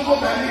não vou dar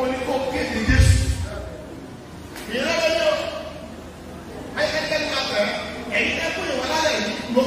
oníkó kéde Jésù ìyẹn lọ́wọ́ yóò ayẹyẹ kẹ́kẹ́ máa tẹ̀ ẹ̀yin ẹ̀kú ìwọlá rẹ̀ ló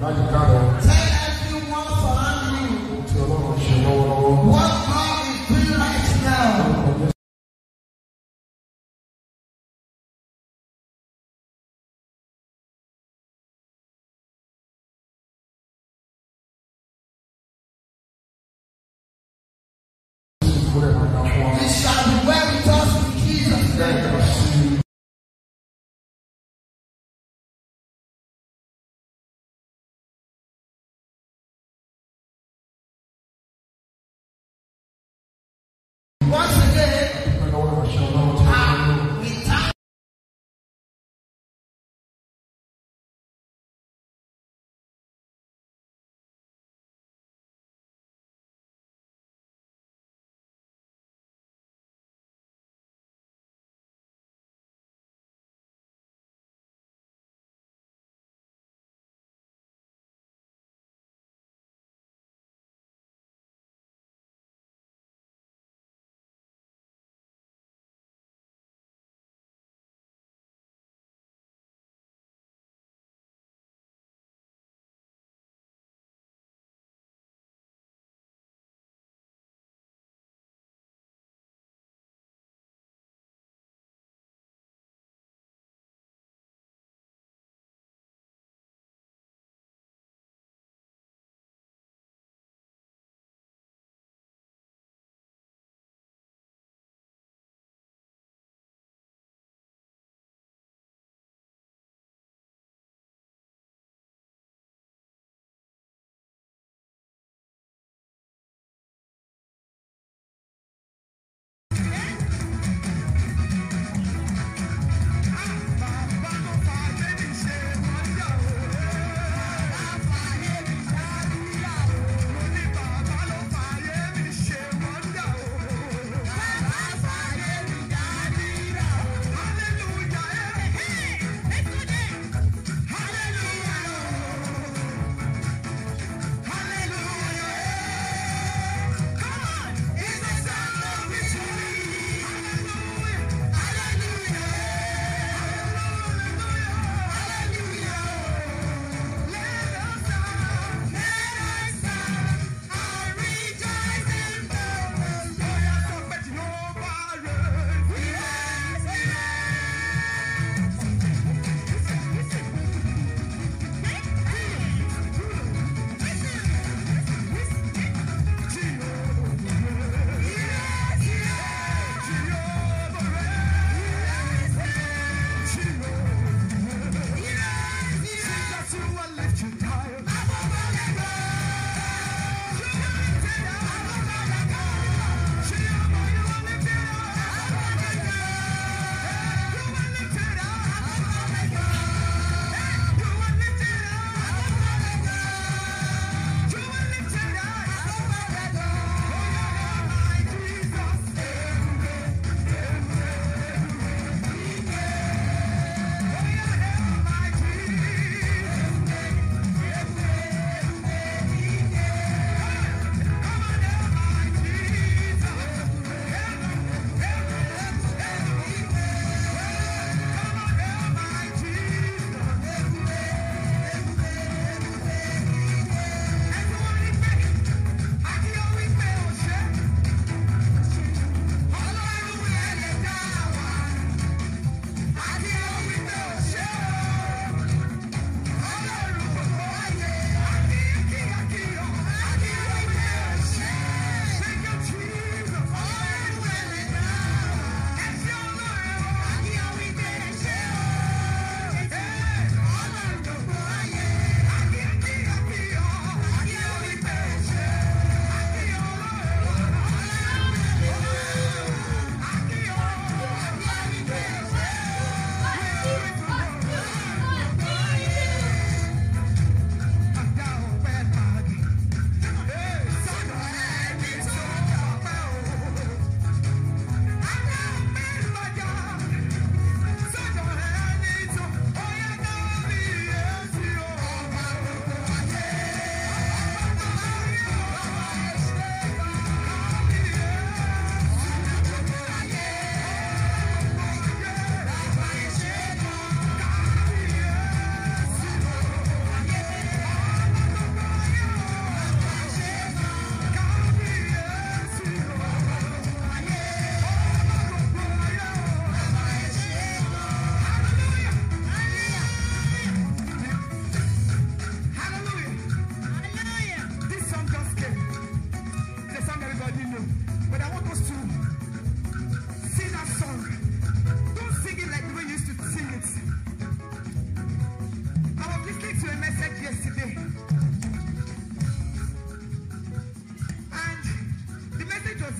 kuwashangaza What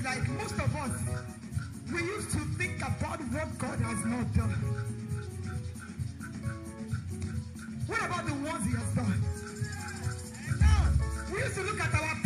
like most of us, we used to think about what God has not done. What about the ones He has done? now, we used to look at our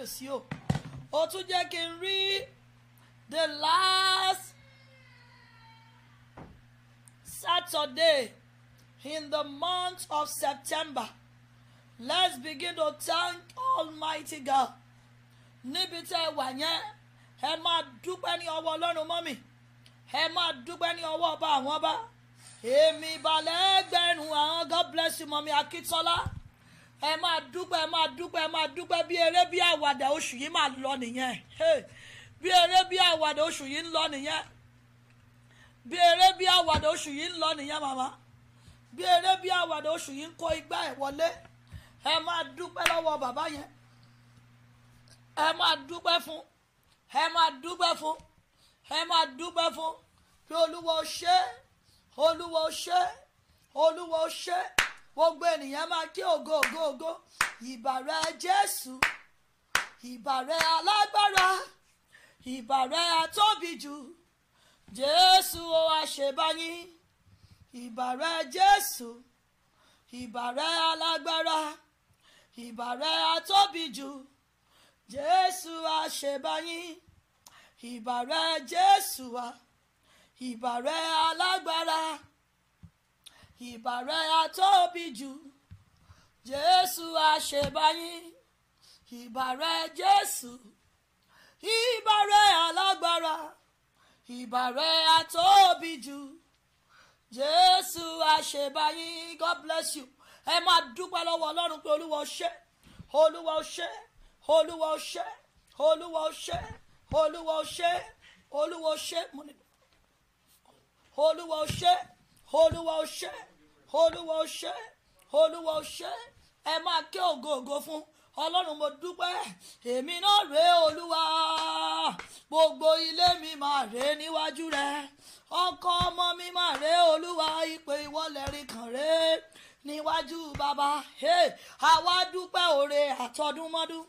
kábíyèsí o ó tún jẹ́ kí n rí the last Saturday in the month of September let's begin to thank Almighty God níbi tẹ́ ẹ wà yẹn ẹ máa dúpẹ́ ní ọwọ́ Ọlọ́run mọ́mì ẹ máa dúpẹ́ ní ọwọ́ ọba àwọn ọba èmi balẹ̀ ẹgbẹ̀rún àwọn God bless you mọ́mì Akíntọ́lá ẹ máa dúpẹ́ ẹ máa dúpẹ́ ẹ máa dúpẹ́ bí eré bí àwàdà oṣù yìí máa lọ nìyẹn bí eré bí àwàdà oṣù yìí ń lọ nìyẹn bí eré bí àwàdà oṣù yìí ń lọ nìyẹn màmá bí eré bí àwàdà oṣù yìí ń kó igbá ẹ̀ wọlé ẹ máa dúpẹ́ lọ́wọ́ bàbá yẹn ẹ máa dúpẹ́ fún ẹ máa dúpẹ́ fún ẹ máa dúpẹ́ fún bí olúwa ṣe olúwa ṣe olúwa ṣe gbogbo ènìyàn máa kí ògo ògo ògo ìbàrẹ jésù ìbàrẹ alágbára ìbàrẹ atóbi jù jésù ó àṣebáyín ìbàrẹ jésù ìbàrẹ alágbára ìbàrẹ atóbi jù jésù àṣebáyín ìbàrẹ jésù wa ìbàrẹ alágbára ìbà rẹ á tóbi jù jésù àṣebáyé ìbà rẹ jésù ìbà rẹ alágbára ìbà rẹ á tóbi jù jésù àṣebáyé god bless you ẹ máa dúpẹ́ lọ́wọ́ ọlọ́run pé olúwa ó ṣé olúwa ó ṣé olúwa ó ṣé olúwa ó ṣé olúwa ó ṣé olúwa ó olúwa ó olúwa ó olúwa ó ṣe olúwa ó ṣe ẹ máa ké ògóògó fún ọlọ́run mo dúpẹ́ èmi náà rèé olúwa gbogbo ilé mi máa rèé níwájú rẹ ọkọ ọmọ mi máa rèé olúwa ìpè ìwọlẹ̀rí kan rèé níwájú bàbá àwa dúpẹ́ òre àtọdúnmọ́dún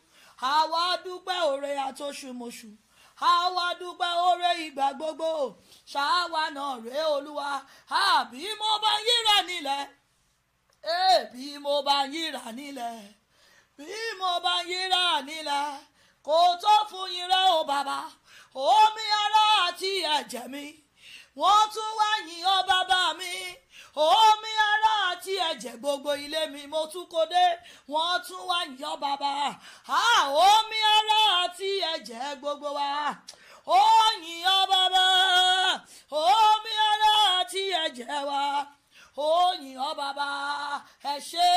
àwa dúpẹ́ òre àtoṣùmọ̀ṣù àwa dúpẹ́ oore ìgbà gbogbo ṣáwa náà rèé olúwa àbí mo bá yíra nílẹ̀ eh, bí mo bá yíra nílẹ̀ bí mo bá yíra nílẹ̀ kò tó fún yín o bàbá omi ara àti ẹ̀jẹ̀ mi wọ́n tún wá yìn ọ́ bàbá mi omi ara àti ẹ̀jẹ̀ gbogbo ilé mi mo tún kó dé wọ́n tún wá yan bàbá omi ara àti ẹ̀jẹ̀ gbogbo wa ó yan bàbá omi ara àti ẹ̀jẹ̀ wa ó yìn ọ́ bàbá ẹ ṣé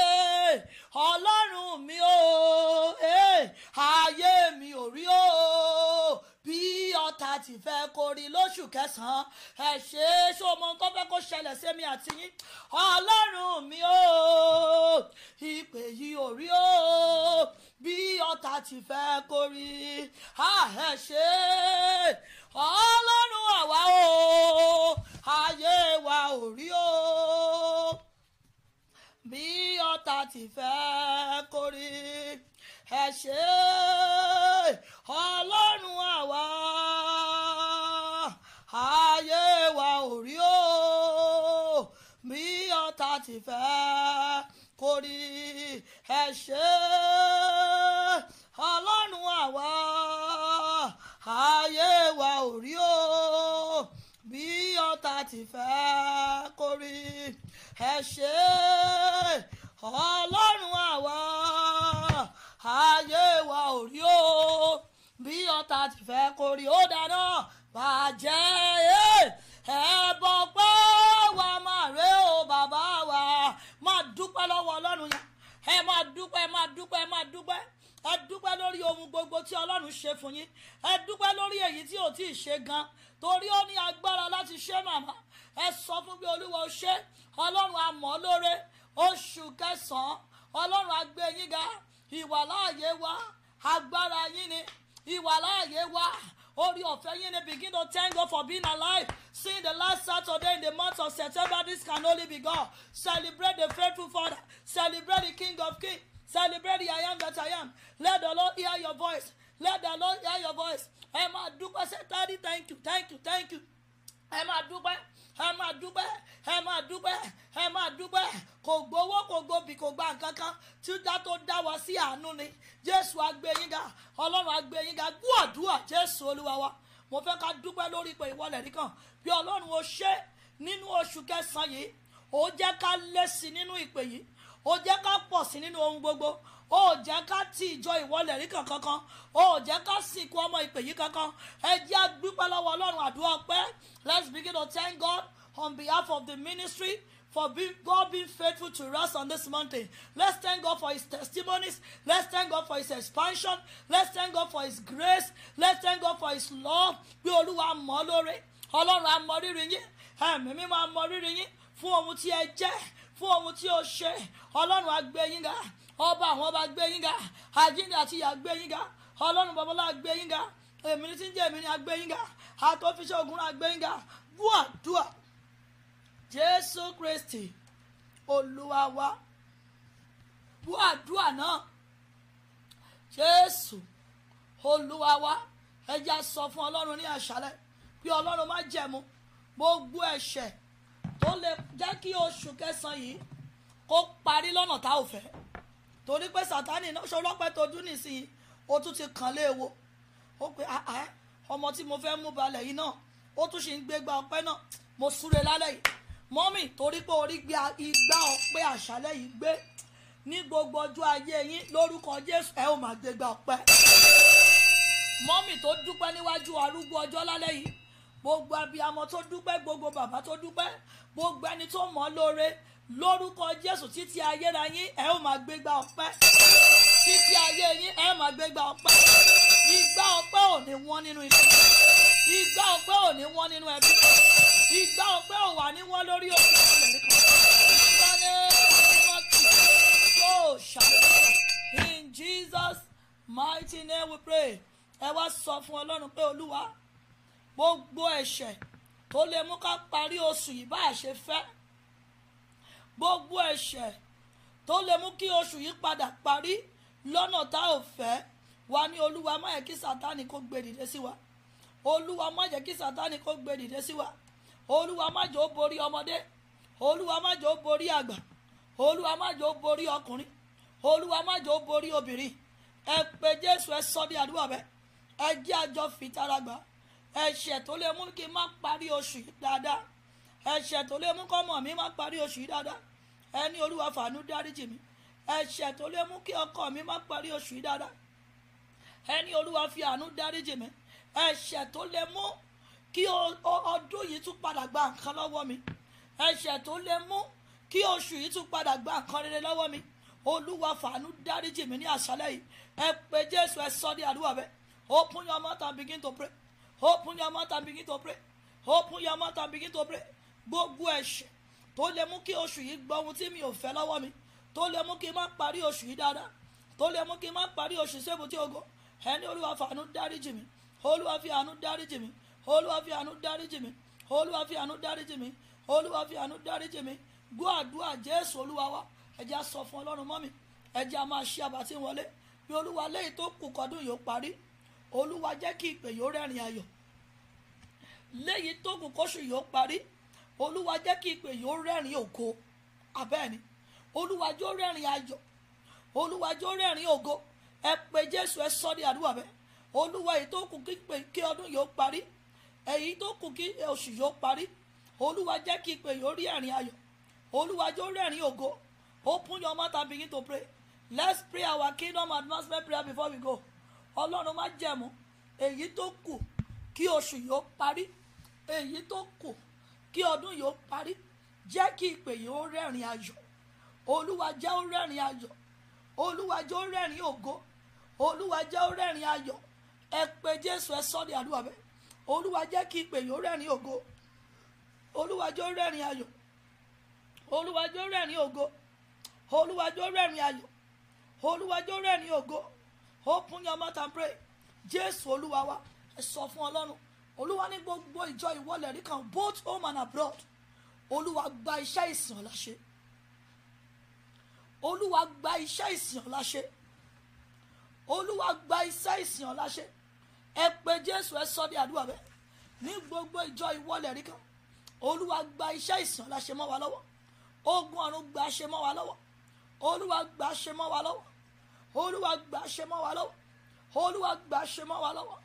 ọlọ́run mi ó ayé mi ò rí ó bí thirty fẹ́ kó rí lóṣù kẹsàn-án ẹ ṣe é ṣó mọ nǹkan fẹ́ kó ṣẹlẹ̀ sí mi àti yín ọlọ́run mi ó ìpè yìí ò rí ó bí ọ̀tá ti fẹ́ kó ẹ ṣe ọlọ́run àwa o ayé wa ò rí o bí ọ̀tá ti fẹ́ kó ẹ ṣe ọlọ́run àwa o wa ò rí o bí ọ̀tá ti fẹ́ kó rí ẹ ṣe ọlọ́run àwa ayé wa ò o bí ọ̀tá ti fẹ́ kó ẹ ṣe ọlọ́run àwa ayé wa ò o bí ọ̀tá ti fẹ́ kó ó dáná bàjẹ́ ẹ́. ẹ máa dúpẹ́ ẹ máa dúpẹ́ ẹ máa dúpẹ́ ẹ dúpẹ́ lórí ohun gbogbo tí ọlọ́run ṣe fún yín ẹ dúpẹ́ lórí èyí tí ò tí ì ṣe gan torí ó ní agbára láti ṣe màmá ẹ sọ fún bí olúwa ó ṣe ọlọ́run àmọ́ lóore oṣù kẹsàn-án ọlọ́run àgbẹ̀ yín ga ìwàláàyè wa agbára yín ni ìwàláàyè wa Ori of Enyene, begin to thank God for being alive. Seeing the last Saturday in the month of September, this can only be God. Celebrate the faithful Father. Celebrate the King of Kings. Celebrate the I am that I am. Let the Lord hear your voice. Let the Lord hear your voice. Emma máa said, sẹ́tárì thank you thank you thank you. Emma máa ẹ máa dúpẹ́ ẹ máa dúpẹ́ ẹ máa dúpẹ́ kò gbowó kò gbobì kò gba nǹkan kan tí dá tó dá wa sí àánú ni jésù agbẹ́yìnga ọlọ́run agbẹ́yìnga gbọ́dúà jésù olúwa wa mo fẹ́ ká dúpẹ́ lórí pé ìwọlẹ̀ nìkan bí ọlọ́run ó ṣe nínú oṣù kẹsàn-án yìí ó jẹ́ ká lé sí nínú ìpè yìí ó jẹ́ ká pọ̀ sí nínú ohun gbogbo ó jẹ́ ká ti ìjọ ìwọlẹ̀ rí kankan kan ó jẹ́ ká sìnkú ọmọ ìpè yìí kankan ẹ jẹ́ àgbípẹ́ lọ́wọ́ ọlọ́run àdúrà ọpẹ́ let's begin to thank God on behalf of the ministry for being, God being faithful to us on this mountain. Let's thank God for His testimonies. Let's thank God for His expansion. Let's thank God for His grace. Let's thank God for His love. Bí Olúwa mọ̀ lóore, Ọlọ́run á mọ rírì yín, ẹ̀mí mímọ́ á mọ rírì yín fún ohun tí ẹ jẹ́, fún ohun tí ó ṣe, Ọlọ́run á gbé yín ga ọba àwọn ọba gbé yín ga àjíǹde àti ìyá gbé yín ga ọlọ́run babalá gbé yín ga èmi ní tí èmi ní agbé yín ga àtọ́fíṣẹ́ ogun náà gbé yín ga bua dua jésù kristi olúwa wa bua dua náà jésù olúwa wa ẹja sọ fún ọlọ́run ní àṣálẹ́ pé ọlọ́run má jẹ̀mú gbogbo ẹ̀ṣẹ̀ tó lè jẹ́ kí oṣù kẹsàn-án yìí kó parí lọ́nà tá ò fẹ́ torí pé sátani ṣe ọlọ́pẹ́ tó dún nísìnyí ó tún ti kàn léèwo ó pe ah, ah, ọmọ tí mo fẹ́ mú balẹ̀ yìí náà ó tún ṣì ń gbégbá ọpẹ́ náà mo súre lálẹ́ yìí mọ́mì torí pé orí gbé igbá ọpẹ́ àṣálẹ́ yìí gbé ní gbogbo ọjọ́ ayé yín lórúkọ Jésù ẹ ò máa gbégbá ọpẹ́ mọ́mì tó dúpẹ́ níwájú arúgbó ọjọ́ lálẹ́ yìí gbogbo abiyamọ tó dúpẹ́ gbogbo bàbá tó dúpẹ́ gbogbo ẹni tó mọ̀ lóore lórúkọ jésù títí ayéra yín ẹ ó máa gbégbá ọpẹ́ títí ayé yín ẹ máa gbégbá ọpẹ́ ìgbà ọpẹ́ ò ní wọ́n nínú ilé ìgbà ọpẹ́ ò ní wọ́n nínú ẹbí ìgbà ọpẹ́ ò wà ní wọ́n lórí òkè ọlẹ nìkan ìgbàlẹ ọmọkì tó ṣàlùfẹ in jesus mighty name we pray ẹ wá sọ fún ọlọ́run pé olúwa gbogbo ẹ̀ṣẹ̀ tó lè mú ká parí oṣù yìí bá a ṣe fẹ́ gbogbo ẹ̀ṣẹ̀ tó lè mú kí oṣù yìí padà parí lọ́nà tá ò fẹ́ wa ní olúwa má yẹ kí sátánì kó gbé dìde sí wa olúwa má jẹ́ kí sátánì kó gbé dìde sí wa olúwa má jẹ́ ó borí ọmọdé olúwa má jẹ́ ó borí àgbà olúwa má jẹ́ ó borí ọkùnrin olúwa má jẹ́ ó borí obìnrin ẹ pé jésù ẹ sọ ní àdúrà bẹ ẹ jẹ́ àjọ fìtara gbà ẹ̀ṣẹ̀ tó lè mú kí n má parí oṣù yìí dáadáa ẹ̀ṣẹ̀ tó lè mú kọ́mọ mi má parí oṣù yìí dáadáa ẹ ní olúwa fàánú dáríjì mi ẹ̀ṣẹ̀ tó lè mú kí ọkọ mi má parí oṣù yìí dáadáa ẹ ní olúwa fi àánú dáríjì mi ẹ̀ṣẹ̀ tó lè mú kí ọdún yìí tún padà gba nǹkan lọ́wọ́ mi ẹ̀ṣẹ̀ tó lè mú kí oṣù yìí tún padà gba nǹkan rere lọ́wọ́ mi olúwa fàánú dáríjì mi ní àṣálẹ́ yìí ẹ pé jésù ẹ sọ ní àdúrà bẹ́ẹ̀ open your mouth and begin to pray open your mouth and begin to pray open your mouth and begin to pray gbogbo ẹ̀ṣẹ̀ tó lè mú kí oṣù yìí gbọ́ ohun tí mi ò fẹ́ lọ́wọ́ mi tó lè mú kí n má parí oṣù yìí dáadáa tó lè mú kí n má parí oṣù sébù tí ogo ẹni olúwa fàánú dáríjì mi olúwa fi àánú dáríjì mi olúwa fi àánú dáríjì mi olúwa fi àánú dáríjì mi olúwa fi àánú dáríjì mi gbọ́ àdúrà jésù olúwa wa ẹ̀jẹ̀ sọ fún ọlọ́run mọ́ mi ẹ̀jẹ̀ a máa ṣe àbátí wọlé bí olúwa lẹ́yìn tó kù kọdún yóò parí olúwa jẹ́ kí ìpè yóò rẹ́rìn ayọ̀ lẹ́yìn tó kù kóṣù yóò parí olúwa jẹ́ kí ìpè yìí ó rẹ́rìn ògo abẹ́ẹ̀ni olúwa jẹ́ ó rẹ́rìn ayọ̀ olúwa jẹ́ ó rẹ́rìn ògo ẹ pé jésù ẹ sọ ní àdúrà bẹ́ẹ̀ olúwa èyí tó kù kí ọdún yìí ó parí èyí tó kù kí oṣù yìí ó parí olúwa jẹ́ kí ìpè yìí ó rí ẹ̀rìn ayọ̀ olúwa jẹ́ ó rẹ́rìn ògo open your mouth and begin to pray let's pray our kingdom advancement prayer before we go ọlọ́run má jẹ̀mú èyí tó kù kí oṣù yìí ó parí èyí tó kù kí ọdún yìí ó parí jẹ́ kí ìpè yìí ó rẹ́rìn ayọ̀ olúwa jẹ́ ó rẹ́rìn ayọ̀ olúwa jẹ́ ó rẹ́rìn ògo olúwa jẹ́ ó rẹ́rìn ayọ̀ ẹ pé jésù ẹ sọ́ di àdúrà bẹ́ẹ̀ olúwa jẹ́ kí ìpè yìí ó rẹ́rìn ògo olúwa ó rẹ́rìn ayọ̀ olúwa ó rẹ́rìn ògo olúwa ó rẹ́rìn ayọ̀ olúwa ó rẹ́rìn ògo open your mouth and pray jésù olúwa wa ẹ sọ fún ọlọ́run olúwa ní gbogbo ìjọ ìwọlẹ̀ rí kan both home and abroad olúwa gba iṣẹ́ ìsìn ọ̀la ṣe olúwa gba iṣẹ́ ìsìn ọ̀la ṣe olúwa gba iṣẹ́ ìsìn ọ̀la ṣe ẹ pé jésù ẹ sọ ní àdúrà bẹ́ẹ̀ ní gbogbo ìjọ ìwọlẹ̀ rí kan olúwa gba iṣẹ́ ìsìn ọ̀la mọ́ wa lọ́wọ́ ogun ọ̀run gba ṣe mọ́ wa lọ́wọ́ olúwa gba ṣe mọ́ wa lọ́wọ́ olúwa gba ṣe mọ́ wa lọ́wọ́ olúwa gba ṣe mọ́ wa lọ́wọ́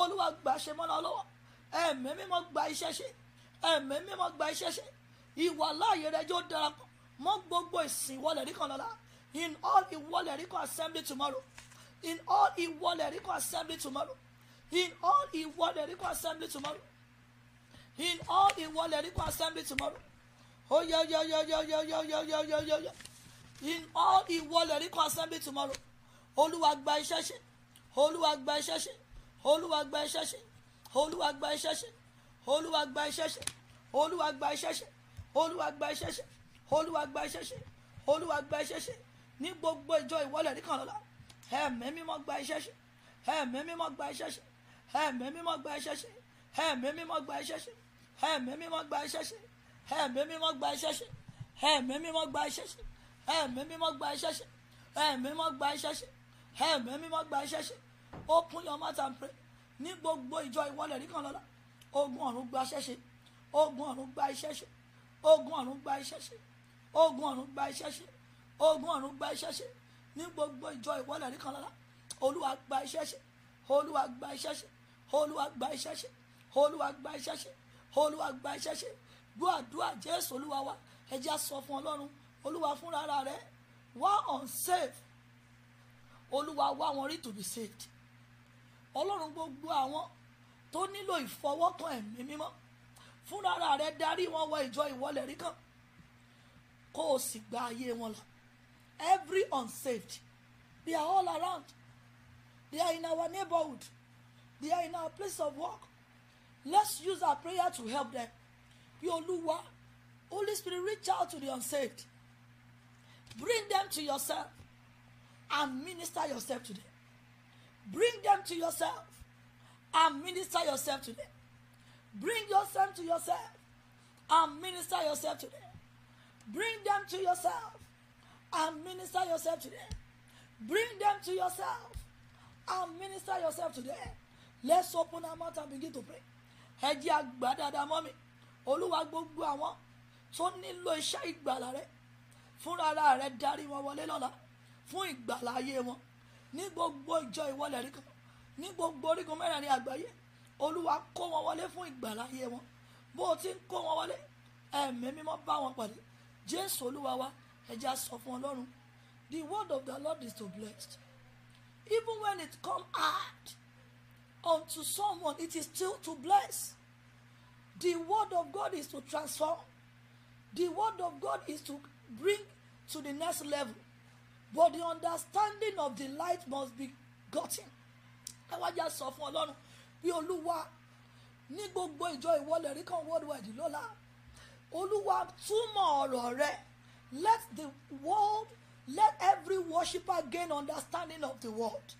olúwa gba ṣe mọ́ wa lọ́wọ́ ẹ̀mí mímọ́ gba iṣẹ́ ṣe ẹ̀mí mímọ́ gba iṣẹ́ ṣe ìwà láàyè rẹ yóò darapọ̀ mọ́ gbogbo ìsìn ìwọlẹ̀ rí kan lọ́la in all ìwọlẹ̀ rí kan assembly tomorrow in all ìwọlẹ̀ rí kan assembly tomorrow in all ìwọlẹ̀ rí kan assembly tomorrow in all ìwọlẹ̀ rí kan assembly tomorrow oh yeah yeah yeah yeah yeah yeah yeah yeah yeah yeah yeah in all ìwọlẹ̀ rí kan assembly tomorrow olúwa gba iṣẹ́ ṣe olúwa gba iṣẹ́ ṣe olúwa gba iṣẹ́ ṣe olúwa gba iṣẹ́ ṣe olúwa gba iṣẹ́ ṣe olúwa gba iṣẹ́ ṣe olúwa gba iṣẹ́ ṣe olúwa gba iṣẹ́ ṣe olúwa gba iṣẹ́ ṣe ní gbogbo ìjọ ìwọlẹ̀ ní kànlọ́lá ẹ̀mí mímọ́ gba iṣẹ́ ṣe ẹ̀mí mímọ́ gba iṣẹ́ ṣe ẹ̀mí mímọ́ gba iṣẹ́ ṣe ẹ̀mí mímọ́ gba iṣẹ́ ṣe ẹ̀mí mímọ́ gba iṣẹ́ ṣe ẹ̀mí mímọ́ gba iṣẹ́ ṣe ẹ̀mí mímọ́ gba iṣẹ́ ṣe ẹ̀mí mímọ́ gba iṣẹ́ ṣe ẹ̀mí mímọ́ gba iṣẹ́ ṣe ẹ̀mí mímọ́ gba iṣẹ́ ṣe open your mouth and pray ní gbogbo ìjọ ìwọlẹ̀ rí kan lọ́la ogun ọ̀run gba iṣẹ́ ṣe ogun ọ̀run gba iṣẹ́ ṣe ogun ọ̀run gba iṣẹ́ ṣe ogun ọ̀run gba iṣẹ́ ṣe ogun ọ̀run gba iṣẹ́ ṣe ní gbogbo ìjọ ìwọlẹ̀ rí kan lọ́la olúwa gba iṣẹ́ ṣe olúwa gba iṣẹ́ ṣe olúwa gba iṣẹ́ ṣe olúwa gba iṣẹ́ ṣe olúwa gba iṣẹ́ ṣe gbọ́ àdúrà jésù olúwa wa ẹ jẹ́ sọ fún ọlọ́run olúwa fúnra rẹ̀ wá unsafe. safe olúwa wá wọn rí to be saved ọlọ́run gbogbo àwọn tó nílò ìfọwọ́kàn ẹ̀mí mímọ́ fúnra rẹ darí wọn wọ ìjọ ìwọlẹ̀ rí kan kó o sì gba ayé wọn lọ every unsaved they are all around they are in our neighborhood they are in our place of work let's use our prayer to help them bí olúwa holy spirit reach out to the unsaved bring them to yourself and minister yourself to them Bring them to yourself and minister yourself to them. Bring yourself to yourself and minister yourself to them. Bring them to yourself and minister yourself to them. Bring them to yourself and minister yourself to them. Let's open our mouth and begin to pray. Ẹ Agbadada àgbà dáadáa mọ́ mi. Olúwa gbogbo àwọn tó nílò iṣẹ́ ìgbàlà rẹ̀ fúnra rẹ̀ darí wọn wọlé lọ́la fún ìgbàlà ayé wọn ní gbogbo ìjọ ìwọlẹ̀ rí kan ní gbogbo orígun mẹ́rẹ̀ẹ̀rin àgbáyé olúwa kó wọn wọlé fún ìgbàláyé wọn bó o ti ń kó wọn wọlé ẹ̀mí mímọ́ bá wọn pàdé jésù olúwa wa ẹja sọ fún ọlọ́run the word of the lord is to bless, even when it come hard unto someone it is still to bless the word of god is to transform the word of god is to bring to the next level but the understanding of the light must be gotten ẹ wá jẹ́ sọ fún ọlọ́run bí olúwa ní gbogbo ìjọ ìwọlẹ̀ rí kan worldwide lọ́la olúwa túmọ̀ ọ̀rọ̀ rẹ let the world let every worshiper gain understanding of the word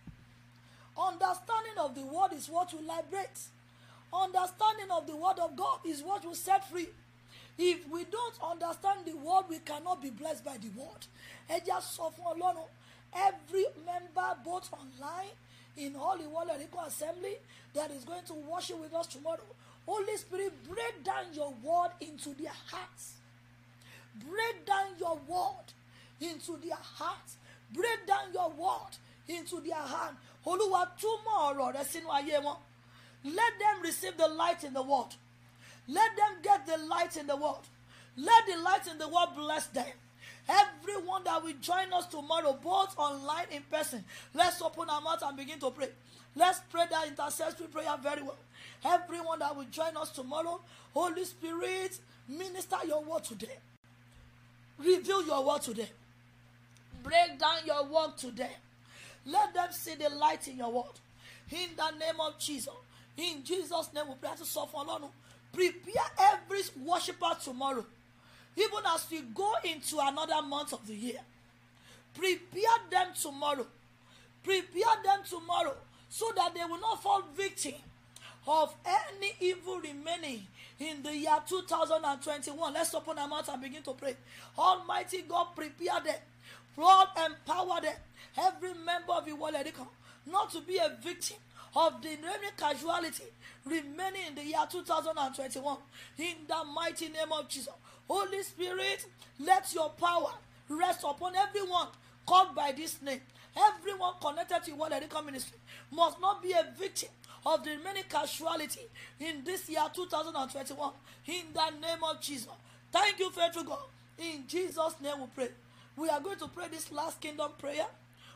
understanding of the word is what will liberate understanding of the word of God is what will set free if we don't understand the word we cannot be blessed by the word ẹ jẹ́ sọ fún ọlọ́run every member both online in Holy the world assembly that is going to worship with us tomorrow holy spirit break down your word into their hearts break down your word into their hearts break down your word into their hand olúwa túmọ̀ ọ̀rọ̀ rẹ sínú ayé wọn let them receive the light in the world. Let them get the light in the world. Let the light in the world bless them. Everyone that will join us tomorrow, both online in person, let's open our mouth and begin to pray. Let's pray that intercessory prayer very well. Everyone that will join us tomorrow, Holy Spirit, minister your word today. Reveal your word today. Break down your word today. Let them see the light in your word. In the name of Jesus. In Jesus' name, we pray to suffer prepare every worshiper tomorrow even as we go into another month of the year prepare them tomorrow prepare them tomorrow so that they will not fall victim of any evil remaining in the year 2021 let's open our mouth and begin to pray almighty god prepare them lord empower them every member of the world not to be a victim of the remaining casualty remaining in the year 2021. In the mighty name of Jesus. Holy Spirit, let your power rest upon everyone called by this name. Everyone connected to World Erica Ministry must not be a victim of the remaining casualty in this year 2021. In the name of Jesus. Thank you, faithful God. In Jesus' name we pray. We are going to pray this last kingdom prayer.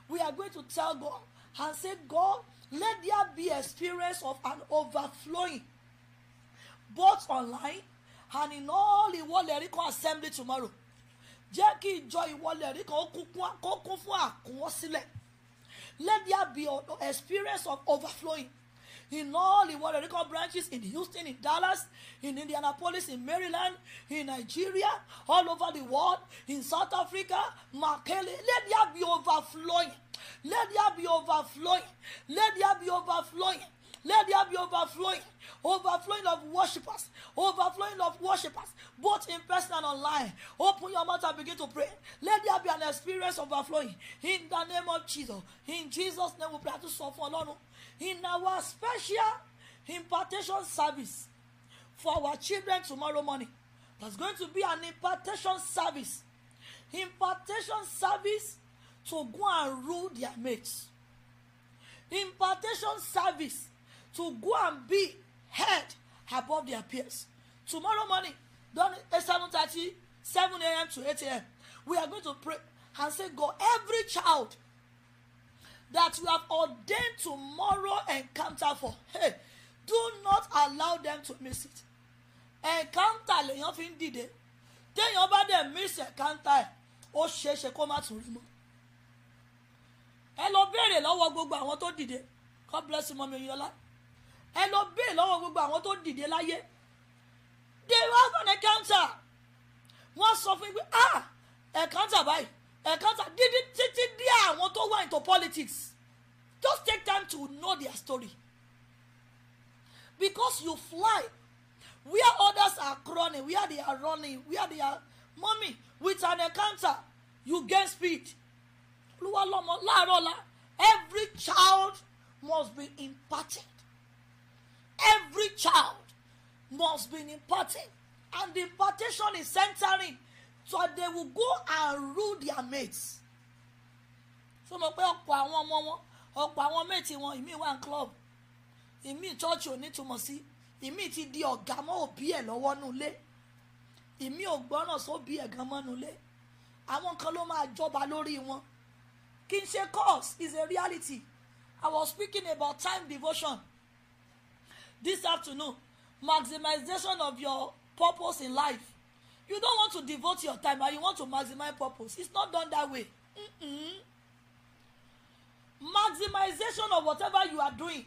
We are going to tell God and say, God, let there be experience of an overflowing, both online and in all ìwọ lẹ́rí kan assembly tomorrow. Jẹ́ kí ìjọ ìwọ lẹ́rí kan kó kún fún Let there be experience of overflowing in all the Puerto Rico branches, in Houston, in Dallas, in Indianapolis, in Maryland, in Nigeria, all over the world, in South Africa, Makele, let there be overflowing. Let there be overflowing. Let there be overflowing. Let there be overflowing, overflowing of worshippers, overflowing of worshippers, both in person and online. Open your mouth and begin to pray. Let there be an experience overflowing in the name of Jesus. In Jesus' name, we pray to suffer in our special impartation service for our children tomorrow morning. There's going to be an impartation service. Impartation service to go and rule their mates. Impartation service to go and be head above their peers. Tomorrow morning, don't at 7.30, 7 a.m. to 8 a.m., we are going to pray and say, God, every child that you have ordained tomorrow encounter for hey do not allow them to miss it encounter lèèyàn fi ń dìde téèyàn bá dẹ̀ miss encounter ẹ̀ ó ṣeéṣe kó má tún rí mọ́ ẹ lọ béèrè lọ́wọ́ gbogbo àwọn tó dìde God bless you mọ́mi oyinlọ́lá ẹ lọ béèrè lọ́wọ́ gbogbo àwọn tó dìde láyé they were on encounter wọ́n sọ fún mi pé ah encounter báyìí ẹ̀kan sá dídí títí dí àwọn tó wà into politics just take time to know their story because you fly where others are crawling where they are running where they are mummy with an encounter you gain speed olúwa lọ́mọ every child must be imparted every child must be imparted and the impartation is centering so they will go and rule their mates so mo pé ọ̀pọ̀ àwọn ọmọ wọn ọ̀pọ̀ àwọn méètì wọn ìmí wà club ìmí church ò ní túmọ̀ sí ìmí ti di ọ̀gá mọ́ òbí ẹ̀ lọ́wọ́ nulẹ̀ ìmí ò gbọ́ràn sóbí ẹ̀ gan mọ́ nulẹ̀ àwọn kan ló máa jọba lórí wọn kì í ṣe cause is a reality I was speaking about time devotion this afternoon maximization of your purpose in life you don't want to devote your time and you want to maximize purpose it's not done that way Mm-mm. maximization of whatever you are doing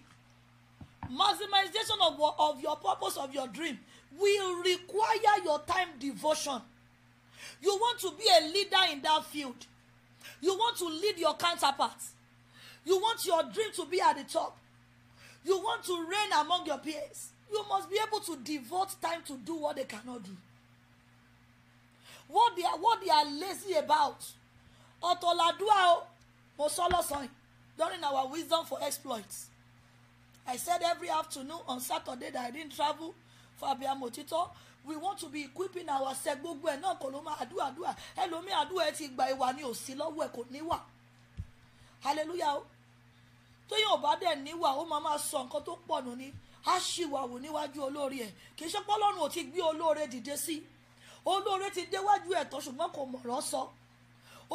maximization of, of your purpose of your dream will require your time devotion you want to be a leader in that field you want to lead your counterparts you want your dream to be at the top you want to reign among your peers you must be able to devote time to do what they cannot do what they are what they are lazy about ọ̀tọ̀làdúrà o mo sọ lọ́sàn during our wisdom for exploits I said every afternoon on Saturday that I didn't travel for abiyamo we want to be equipping ourselves gbogbo ẹ̀ náà kò ló máa àdúrà adua ẹlòmíì àdúrà ẹ ti gba ìwà ni ò sí lọ́wọ́ ẹ̀ kò níwà hallelujah o tóyìn ò bá dẹ̀ níwà ó máa máa sọ nǹkan tó pọ̀ nù ni á ṣìwà níwájú olóore ẹ̀ kì í ṣe pé ò ti gbé olóore dìde sí i olóore ti déwájú ẹ̀tọ́ ṣùgbọ́n kò mọ̀rọ̀ sọ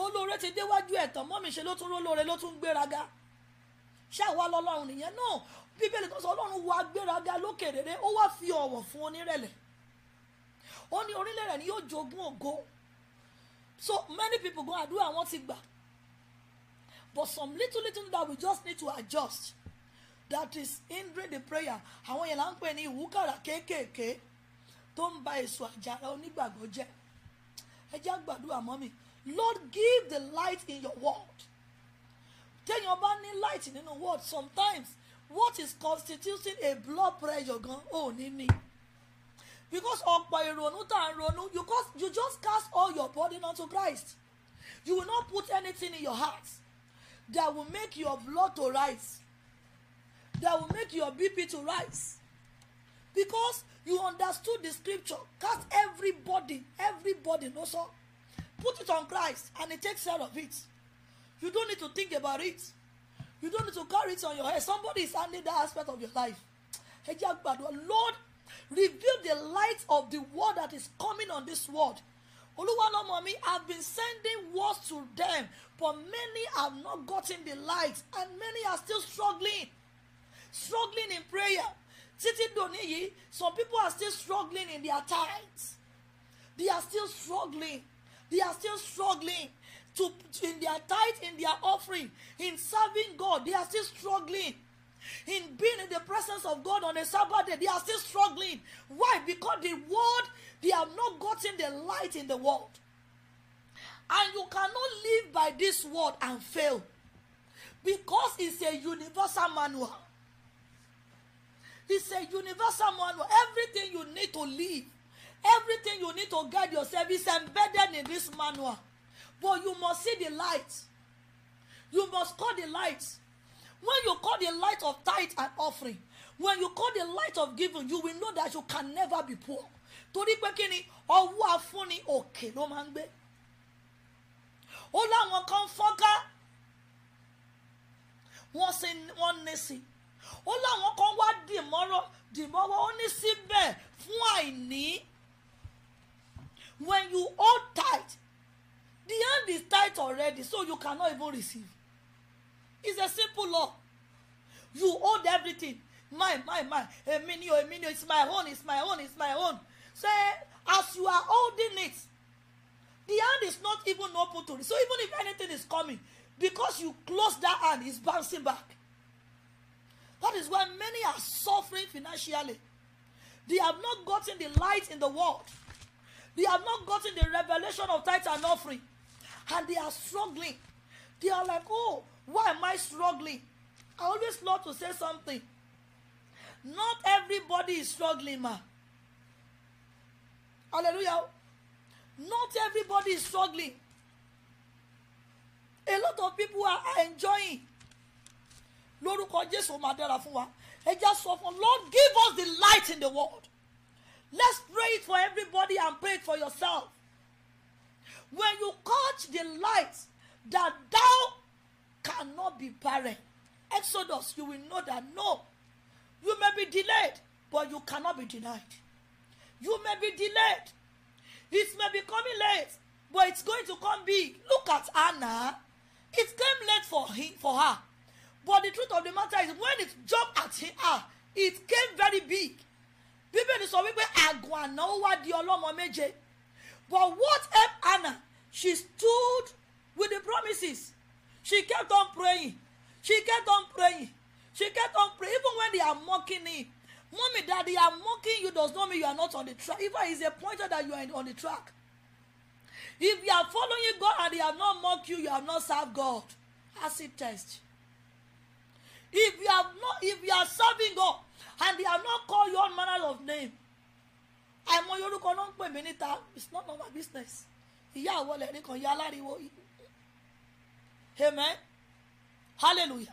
olóore ti déwájú ẹ̀tọ́ mọ́mí ṣe ló tún rólóore ló tún gbéraga ṣáwa lọ́lọ́run nìyẹn náà bíbélì tó sọ ọlọ́run wa gbéraga lókè rere ó wá fi ọ̀wọ̀ fún onírẹ̀lẹ̀ ó ní orílẹ̀ rẹ̀ ni yóò jogún ògo so many people go àdúrà wọn ti gbà but some little little things that we just need to adjust that is hindering the prayer àwọn yẹn là ń pè ní ìwúkàrà kéékèèké tó ń ba èso àjàrà onígbàgbọ́ jẹ́ ẹ jẹ́ mọ́ mi Lord give the light in your world téèyàn bá ní light nínú world sometimes what is constituting a blood pressure gan ò ní ní because ọ̀pọ̀ ìrònú tá à ń ronú you just cast all your body unto Christ you will not put anything in your heart that will make your blood to rise that will make your BP to rise because you understood the scripture cast every burden every burden also put it on christ and he takes care of it you don't need to think about it you don't need to carry it on your head somebody is handling that aspect of your life ẹ jẹ́ lord reveal the light of the word that is coming on this world olúwalọ́mọ mi have been sending words to them but many have not gotten the light and many are still struggling struggling in prayer títí dòní yìí some people are still struggling in their tithes they are still struggling they are still struggling to in their tithes, in their offering in serving God they are still struggling in being in the presence of God on a Sabbath day they are still struggling why because the world they have not gotten the light in the world and you cannot live by this word and fail because it's a universal manual It's a universal manual. Everything you need to live, everything you need to guide yourself is embedded in this manual. But you must see the light. You must call the light. When you call the light of tithe and offering, when you call the light of giving, you will know that you can never be poor. torí pé kí ni ọwọ́ afúnni òkè ló máa ń gbé ó láwọn kan fọ́nká wọ́n ní sí i ó láwọn kan wá dìmọ́rọ́ dìmọ́wọ́ ó ní síbẹ̀ fún àìní when you hold tight the hand is tight already so you cannot even receive it's a simple law you hold everything My, my, my. èmi ni o èmi ni o it's my own it's my own it's my own say as you are holding it the hand is not even open to it so even if anything is coming because you close that hand it's bouncing back That is why many are suffering financially. They have not gotten the light in the world. They have not gotten the revelation of tithe and offering. And they are struggling. They are like, oh, why am I struggling? I always love to say something. Not everybody is struggling, ma. Hallelujah. Not everybody is struggling. A lot of people are enjoying lórúkọ jésù máa dára fún wa ẹ já sọ fún lord give us the light in the world let's pray it for everybody and pray it for yourself when you catch the light that thou cannot be barren exodus you will know that no you may be delayed but you cannot be denied you may be delayed it may be coming late but it's going to come big look at anna it came late for him for her but the truth of the matter is when it jump at her ah, it came very big bíbélì sọ wípé àgùn àná ó wá di ọlọ́mọ méje but what helped Hannah she stood with the promises she kept on praying she kept on praying she kept on praying even when they are mocking me. mommy daddy are mocking you does not mean you are not on the track even it's a pointer that you are on the track if you are following God and they have not mocked you you have not served God acid test If you have not, if you are serving God and they have not called your all manner of name, àìmọye orúkọ náà ń pè mí níta it's not my business. Ìyá àwọlẹ̀ ní kan ìyá aláriwo. Amen. Hallelujah.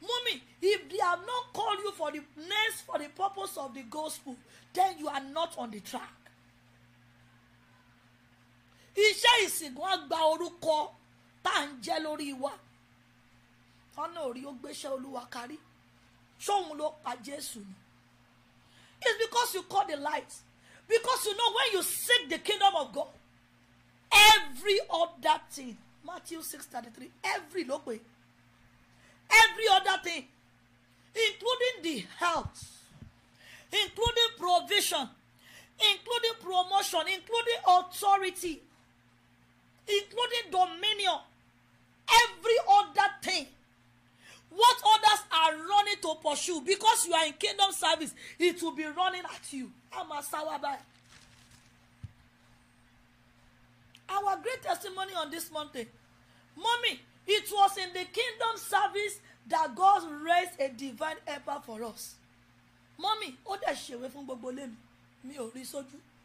Mummy, if they have not called you for the next for the purpose of the gospel, then you are not on the track. Iṣẹ́ ìsìnkú àgbà orúkọ tá à ń jẹ́ lórí wa ọ̀nà òrí ó gbéṣẹ́ olúwa kárí ṣóun ló pa jésù ni it's because you call the light because you know when you seek the kingdom of God every other thing Matthew six thirty three every ló pé every other thing including the health including provision including promotion including authority including dominion every other thing what others are running to pursue because you are in kingdom service it will be running at you amasawaba our great testimony on this mountain mommy it was in the kingdom service that God raised a divine helper for us mommy ó dẹ̀ ṣèwé fún gbogbo lẹ́nu mi ò rí sójú. So